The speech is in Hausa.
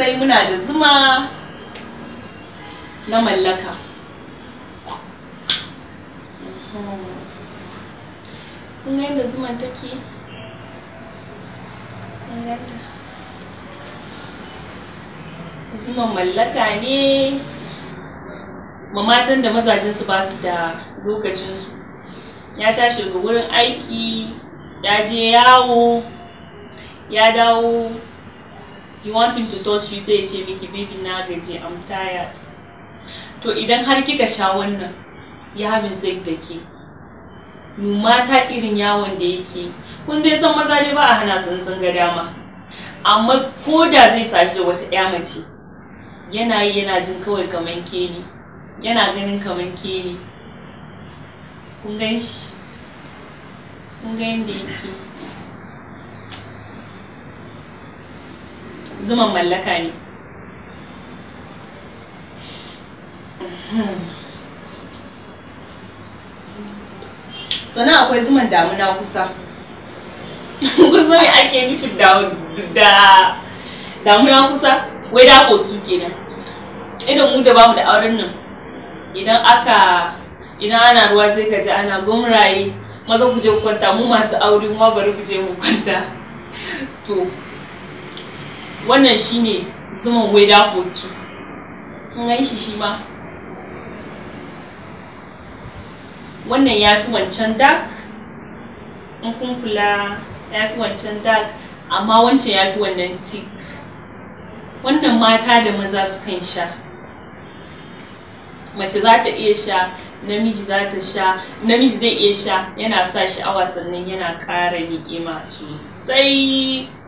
sosai muna da zuma na mallaka kun ga zuman take zuman mallaka ne mamatan da mazajensu ba su da lokacinsu ya tashi ga wurin aiki ya je yawo ya dawo you want him to touch you sai ya ce miki baby na gaji I'm tired to idan har kika sha wannan ya having sex da ke mu mata irin yawon da yake kun dai san maza dai ba a hana sun sun ga dama amma ko da zai saki da wata ɗaya mace yana yi yana jin kawai kaman ke ne yana ganin kaman ke ne kun gan shi kun ga yadda yake zuman mallaka ne sannan akwai zuman damuna kusa kusa ne ake nufin da damuna kusa wai da tu kenan idan mu da bamu da auren nan idan aka idan ana ruwa sai ka ji ana gomraye maza ku je kwanta mu masu aure ma bari ku je mu kwanta to wannan shine zuman weda fotu kun gan shi shi ma wannan ya fi wancan dark in kun kula ya fi wancan dark amma wancan ya fi wannan tick wannan mata da maza sukan sha mace za ta iya sha namiji za ta sha namiji zai iya sha yana sa sha'awa sannan yana ƙara ni'ima sosai